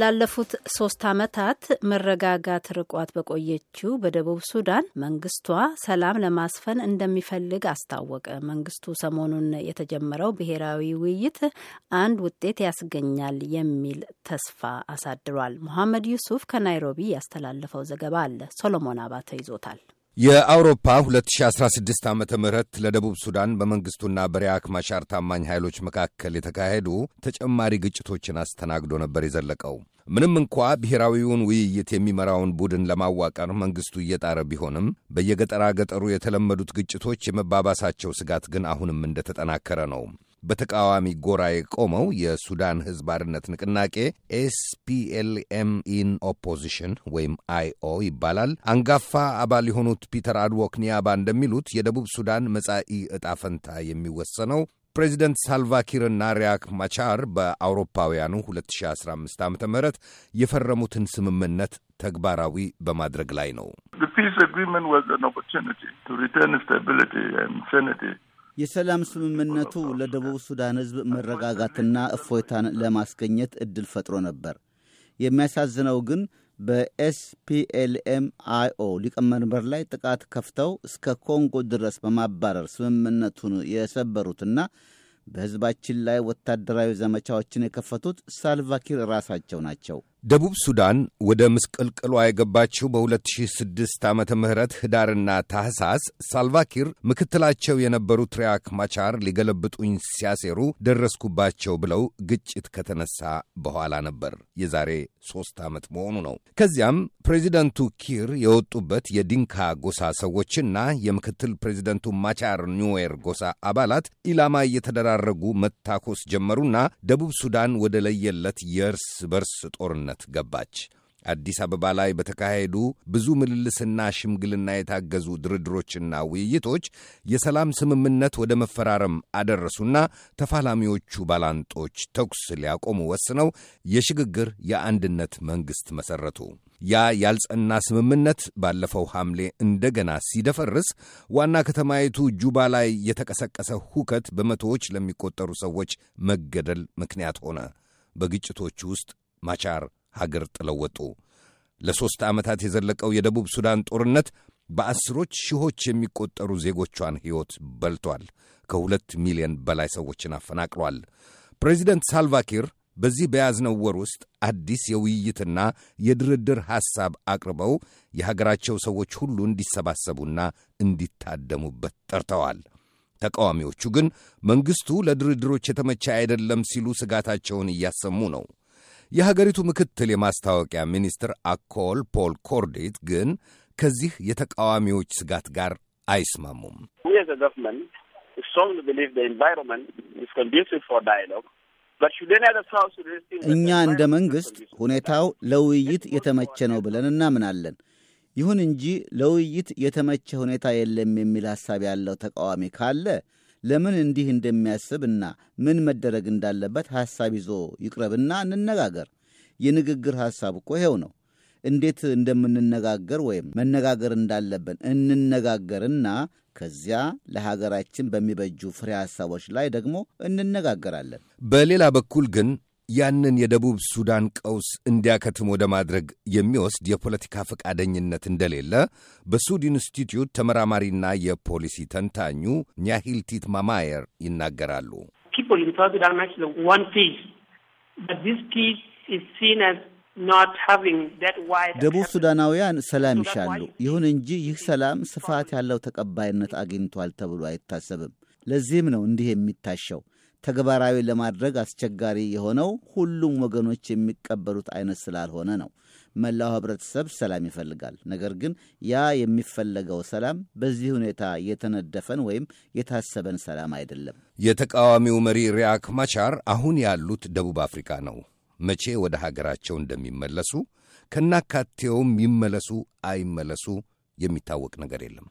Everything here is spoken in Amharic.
ላለፉት ሶስት ዓመታት መረጋጋት ርቋት በቆየችው በደቡብ ሱዳን መንግስቷ ሰላም ለማስፈን እንደሚፈልግ አስታወቀ። መንግስቱ ሰሞኑን የተጀመረው ብሔራዊ ውይይት አንድ ውጤት ያስገኛል የሚል ተስፋ አሳድሯል። መሐመድ ዩሱፍ ከናይሮቢ ያስተላለፈው ዘገባ አለ። ሶሎሞን አባተ ይዞታል። የአውሮፓ 2016 ዓ ም ለደቡብ ሱዳን በመንግሥቱና በሪያክ ማሻር ታማኝ ኃይሎች መካከል የተካሄዱ ተጨማሪ ግጭቶችን አስተናግዶ ነበር የዘለቀው። ምንም እንኳ ብሔራዊውን ውይይት የሚመራውን ቡድን ለማዋቀር መንግሥቱ እየጣረ ቢሆንም በየገጠራ ገጠሩ የተለመዱት ግጭቶች የመባባሳቸው ስጋት ግን አሁንም እንደተጠናከረ ነው። በተቃዋሚ ጎራ የቆመው የሱዳን ሕዝብ አርነት ንቅናቄ ኤስፒኤልኤም ኢን ኦፖዚሽን ወይም አይኦ ይባላል። አንጋፋ አባል የሆኑት ፒተር አድዎክ ኒያባ እንደሚሉት የደቡብ ሱዳን መጻኢ ዕጣ ፈንታ የሚወሰነው ፕሬዚደንት ሳልቫኪርና ሪያክ ማቻር በአውሮፓውያኑ 2015 ዓ ም የፈረሙትን ስምምነት ተግባራዊ በማድረግ ላይ ነው። የሰላም ስምምነቱ ለደቡብ ሱዳን ሕዝብ መረጋጋትና እፎይታን ለማስገኘት እድል ፈጥሮ ነበር። የሚያሳዝነው ግን በኤስፒኤልኤም አይኦ ሊቀመንበር ላይ ጥቃት ከፍተው እስከ ኮንጎ ድረስ በማባረር ስምምነቱን የሰበሩትና በሕዝባችን ላይ ወታደራዊ ዘመቻዎችን የከፈቱት ሳልቫኪር ራሳቸው ናቸው። ደቡብ ሱዳን ወደ ምስቅልቅሏ የገባችው በ2006 ዓመተ ምህረት ህዳርና ታህሳስ ሳልቫኪር ምክትላቸው የነበሩት ሪያክ ማቻር ሊገለብጡኝ ሲያሴሩ ደረስኩባቸው ብለው ግጭት ከተነሳ በኋላ ነበር። የዛሬ ሦስት ዓመት መሆኑ ነው። ከዚያም ፕሬዚደንቱ ኪር የወጡበት የዲንካ ጎሳ ሰዎችና የምክትል ፕሬዚደንቱ ማቻር ኒዌር ጎሳ አባላት ኢላማ እየተደራረጉ መታኮስ ጀመሩና ደቡብ ሱዳን ወደ ለየለት የእርስ በርስ ጦርነት ጦርነት ገባች። አዲስ አበባ ላይ በተካሄዱ ብዙ ምልልስና ሽምግልና የታገዙ ድርድሮችና ውይይቶች የሰላም ስምምነት ወደ መፈራረም አደረሱና ተፋላሚዎቹ ባላንጦች ተኩስ ሊያቆሙ ወስነው የሽግግር የአንድነት መንግሥት መሠረቱ። ያ ያልጸና ስምምነት ባለፈው ሐምሌ እንደገና ሲደፈርስ ዋና ከተማይቱ ጁባ ላይ የተቀሰቀሰ ሁከት በመቶዎች ለሚቆጠሩ ሰዎች መገደል ምክንያት ሆነ። በግጭቶች ውስጥ ማቻር ሀገር ጥለው ወጡ። ለሦስት ዓመታት የዘለቀው የደቡብ ሱዳን ጦርነት በአስሮች ሺዎች የሚቆጠሩ ዜጎቿን ሕይወት በልቷል። ከሁለት ሚሊዮን በላይ ሰዎችን አፈናቅሏል። ፕሬዚደንት ሳልቫኪር በዚህ በያዝነው ወር ውስጥ አዲስ የውይይትና የድርድር ሐሳብ አቅርበው የሀገራቸው ሰዎች ሁሉ እንዲሰባሰቡና እንዲታደሙበት ጠርተዋል። ተቃዋሚዎቹ ግን መንግሥቱ ለድርድሮች የተመቸ አይደለም ሲሉ ስጋታቸውን እያሰሙ ነው። የሀገሪቱ ምክትል የማስታወቂያ ሚኒስትር አኮል ፖል ኮርዴት ግን ከዚህ የተቃዋሚዎች ስጋት ጋር አይስማሙም። እኛ እንደ መንግሥት ሁኔታው ለውይይት የተመቸ ነው ብለን እናምናለን። ይሁን እንጂ ለውይይት የተመቸ ሁኔታ የለም የሚል ሐሳብ ያለው ተቃዋሚ ካለ ለምን እንዲህ እንደሚያስብና ምን መደረግ እንዳለበት ሐሳብ ይዞ ይቅረብና እንነጋገር። የንግግር ሐሳብ እኮ ይኸው ነው። እንዴት እንደምንነጋገር ወይም መነጋገር እንዳለብን እንነጋገርና ከዚያ ለሀገራችን በሚበጁ ፍሬ ሐሳቦች ላይ ደግሞ እንነጋገራለን። በሌላ በኩል ግን ያንን የደቡብ ሱዳን ቀውስ እንዲያከትም ወደ ማድረግ የሚወስድ የፖለቲካ ፈቃደኝነት እንደሌለ በሱድ ኢንስቲትዩት ተመራማሪና የፖሊሲ ተንታኙ ኛሂልቲት ማማየር ይናገራሉ። ደቡብ ሱዳናውያን ሰላም ይሻሉ። ይሁን እንጂ ይህ ሰላም ስፋት ያለው ተቀባይነት አግኝቷል ተብሎ አይታሰብም። ለዚህም ነው እንዲህ የሚታሸው። ተግባራዊ ለማድረግ አስቸጋሪ የሆነው ሁሉም ወገኖች የሚቀበሉት አይነት ስላልሆነ ነው። መላው ህብረተሰብ ሰላም ይፈልጋል። ነገር ግን ያ የሚፈለገው ሰላም በዚህ ሁኔታ የተነደፈን ወይም የታሰበን ሰላም አይደለም። የተቃዋሚው መሪ ሪያክ ማቻር አሁን ያሉት ደቡብ አፍሪካ ነው። መቼ ወደ ሀገራቸው እንደሚመለሱ ከናካቴውም ይመለሱ አይመለሱ የሚታወቅ ነገር የለም።